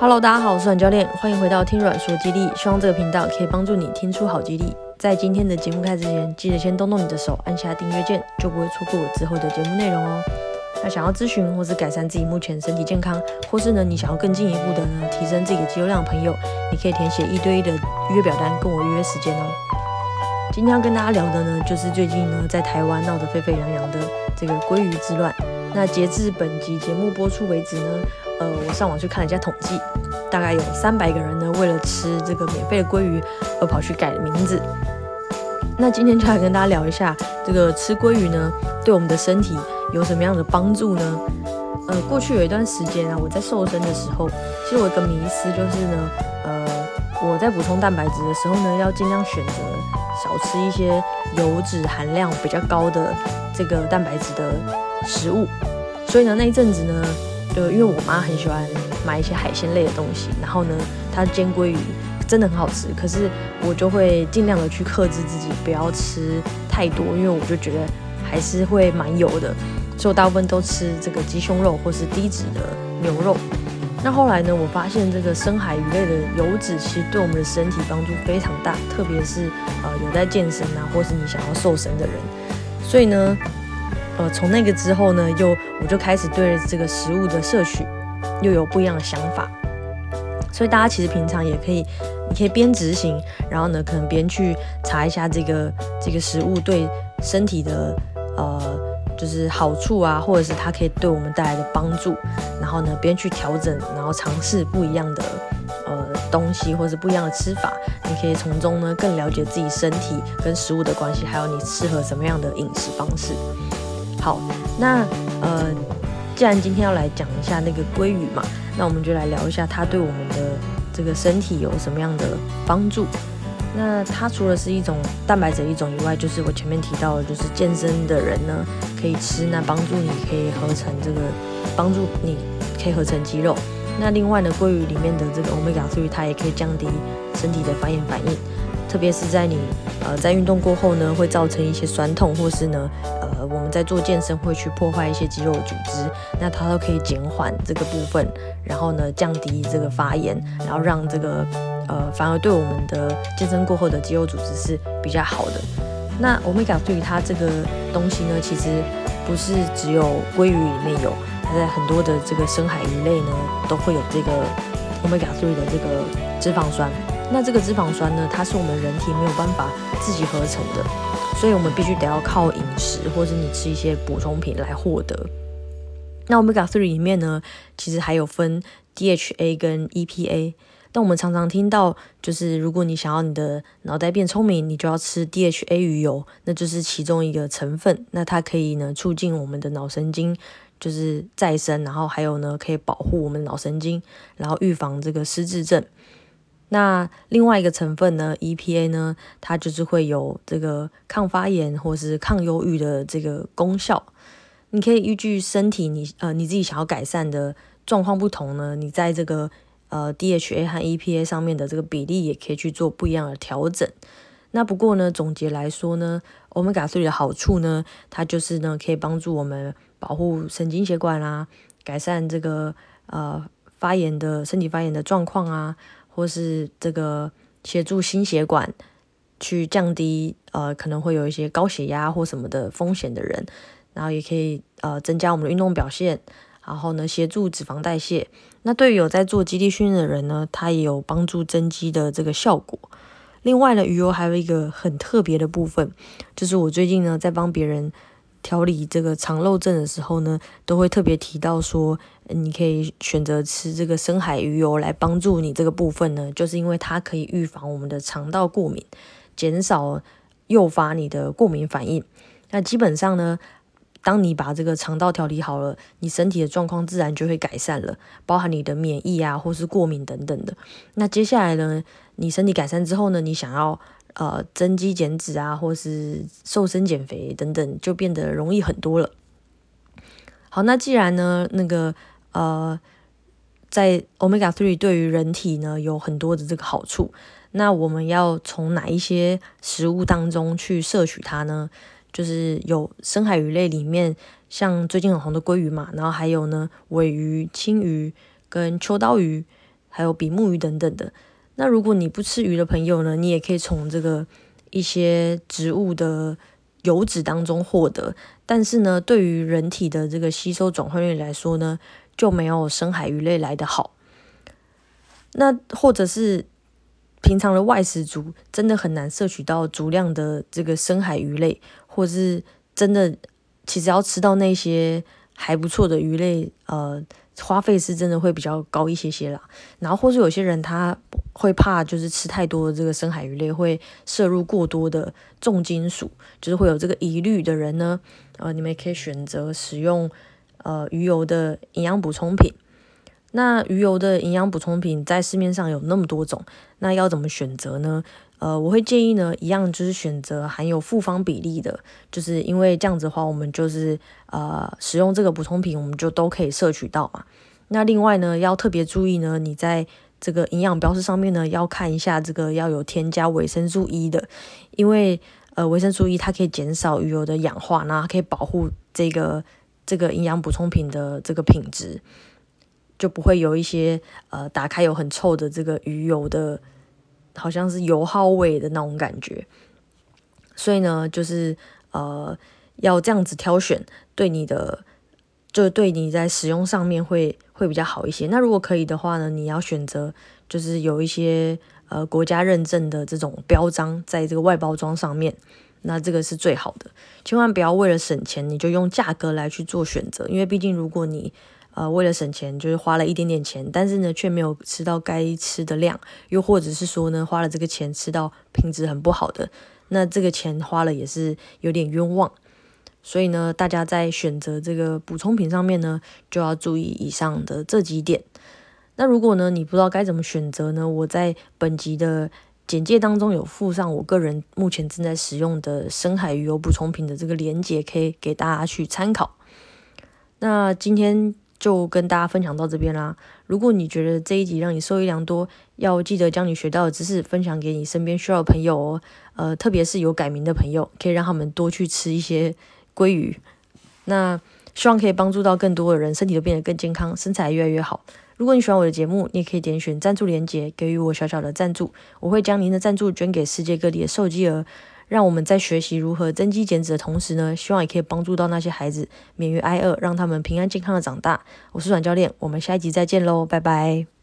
Hello，大家好，我是阮教練，歡迎回到聽阮說肌力，希望這個頻道可以幫助你聽出好肌力。在今天的節目開始之前，記得先動動你的手，按下訂閱鍵，就不會錯過我之後的節目內容哦、喔。那想要諮詢或是改善自己目前身體健康，或是呢你想要更進一步的呢提升自己的肌肉量，朋友，你可以填寫一對一的預約表單，跟我預約時間哦、喔。今天要跟大家聊的呢，就是最近呢在台灣鬧得沸沸揚揚的這個鮭魚之亂。那截至本集節目播出為止呢。呃，我上網去看了一下統計，大概有三百個人呢，為了吃這個免費的鮭魚而跑去改名字。那今天就來跟大家聊一下，這個吃鮭魚呢，對我們的身體有什麼樣的幫助呢？呃，過去有一段時間啊，我在瘦身的時候，其實我有個迷思就是呢，呃，我在補充蛋白質的時候呢，要盡量選擇少吃一些油脂含量比較高的這個蛋白質的食物。所以呢，那一陣子呢。就因為我媽很喜歡買一些海鮮類的東西，然後呢，她煎鮭魚真的很好吃。可是我就會盡量的去克制自己，不要吃太多，因為我就覺得還是會蠻油的。所以我大部分都吃這個雞胸肉或是低脂的牛肉。那後來呢，我發現這個深海魚類的油脂其實對我們的身體幫助非常大，特別是呃有在健身啊，或是你想要瘦身的人，所以呢。呃，從那個之後呢，又我就開始對這個食物的攝取又有不一樣的想法，所以大家其實平常也可以，你可以邊執行，然後呢，可能邊去查一下這個這個食物對身體的呃，就是好處啊，或者是它可以對我們帶來的幫助，然後呢，邊去調整，然後嘗試不一樣的呃東西，或者不一樣的吃法，你可以從中呢更了解自己身體跟食物的關係，還有你適合什麼樣的飲食方式。好，那呃，既然今天要來講一下那個鮭魚嘛，那我們就來聊一下它對我們的這個身體有什麼樣的幫助。那它除了是一種蛋白質的一種以外，就是我前面提到的，就是健身的人呢可以吃，那幫助你可以合成這個，幫助你可以合成肌肉。那另外呢，鮭魚裡面的這個歐米伽三魚它也可以降低身體的發炎反應，特別是在你呃在運動過後呢，會造成一些酸痛或是呢。我們在做健身會去破壞一些肌肉組織，那它都可以減緩這個部分，然後呢降低這個發炎，然後讓這個呃反而對我們的健身過後的肌肉組織是比較好的。那 Omega 3對於它這個東西呢，其實不是只有鮭魚裡面有，它在很多的這個深海魚類呢都會有這個 Omega 3的這個脂肪酸。那這個脂肪酸呢，它是我們人體沒有辦法自己合成的。所以我們必須得要靠飲食，或者是你吃一些補充品來獲得。那 Omega 3裡面呢，其實還有分 DHA 跟 EPA。但我們常常聽到，就是如果你想要你的腦袋變聰明，你就要吃 DHA 魚油，那就是其中一個成分。那它可以呢促進我們的腦神經就是再生，然後還有呢可以保護我們的腦神經，然後預防這個失智症。那另外一個成分呢，EPA 呢，它就是會有這個抗發炎或是抗憂鬱的這個功效。你可以依據身體你呃你自己想要改善的狀況不同呢，你在這個呃 DHA 和 EPA 上面的這個比例也可以去做不一樣的調整。那不過呢，總結來說呢，歐米伽三的好處呢，它就是呢可以幫助我們保護神經血管啦、啊，改善這個呃發炎的身體發炎的狀況啊。或是這個協助心血管去降低，呃，可能會有一些高血壓或什麼的風險的人，然後也可以呃增加我們的運動表現，然後呢協助脂肪代謝。那對於有在做肌力訓練的人呢，它也有幫助增肌的這個效果。另外呢，魚油還有一個很特別的部分，就是我最近呢在幫別人。調理這個腸漏症的時候呢，都會特別提到說，你可以選擇吃這個深海魚油來幫助你這個部分呢，就是因為它可以預防我們的腸道過敏，減少誘發你的過敏反應。那基本上呢，當你把這個腸道調理好了，你身體的狀況自然就會改善了，包含你的免疫啊，或是過敏等等的。那接下來呢，你身體改善之後呢，你想要。呃，增肌減脂啊，或是瘦身減肥等等，就變得容易很多了。好，那既然呢，那個呃，在 Omega 3對於人體呢有很多的這個好處，那我們要從哪一些食物當中去攝取它呢？就是有深海魚類裡面，像最近很紅的鮭魚嘛，然後還有呢，鮪魚、青魚、跟秋刀魚，還有比目魚等等的。那如果你不吃魚的朋友呢，你也可以從這個一些植物的油脂當中獲得，但是呢，對於人體的這個吸收轉換率來說呢，就沒有深海魚類來得好。那或者是平常的外食族，真的很難攝取到足量的這個深海魚類，或是真的其實要吃到那些還不錯的魚類，呃。花費是真的會比較高一些些啦，然後或是有些人他會怕就是吃太多的這個深海魚類會攝入過多的重金屬，就是會有這個疑慮的人呢，呃，你們也可以選擇使用呃魚油的營養補充品。那魚油的營養補充品在市面上有那麼多種，那要怎麼選擇呢？呃，我會建議呢，一樣就是選擇含有複方比例的，就是因為這樣子的話，我們就是呃使用這個補充品，我們就都可以攝取到嘛。那另外呢，要特別注意呢，你在這個營養標示上面呢，要看一下這個要有添加維生素 E 的，因為呃維生素 E 它可以減少魚油的氧化，然後它可以保護這個這個營養補充品的這個品質，就不會有一些呃打開有很臭的這個魚油的。好像是油耗味的那種感覺，所以呢，就是呃，要這樣子挑選，對你的，就對你在使用上面會會比較好一些。那如果可以的話呢，你要選擇就是有一些呃國家認證的這種標章在這個外包裝上面，那這個是最好的。千萬不要為了省錢，你就用價格來去做選擇，因為畢竟如果你呃，為了省錢，就是花了一點點錢，但是呢，卻沒有吃到該吃的量，又或者是說呢，花了這個錢吃到品質很不好的，那這個錢花了也是有點冤枉。所以呢，大家在選擇這個補充品上面呢，就要注意以上的這幾點。那如果呢，你不知道該怎麼選擇呢？我在本集的簡介當中有附上我個人目前正在使用的深海魚油補充品的這個鏈接，可以給大家去參考。那今天。就跟大家分享到這邊啦。如果你覺得這一集讓你受益良多，要記得將你學到的知識分享給你身邊需要的朋友哦。呃，特別是有改名的朋友，可以讓他們多去吃一些鮭魚。那希望可以幫助到更多的人，身體都變得更健康，身材越來越好。如果你喜歡我的節目，你也可以點選贊助連結給予我小小的贊助，我會將您的贊助捐給世界各地的受飢餓。讓我們在學習如何增肌減脂的同時呢，希望也可以幫助到那些孩子，免於挨餓，讓他們平安健康的長大。我是阮教練，我們下一集再見嘍，拜拜。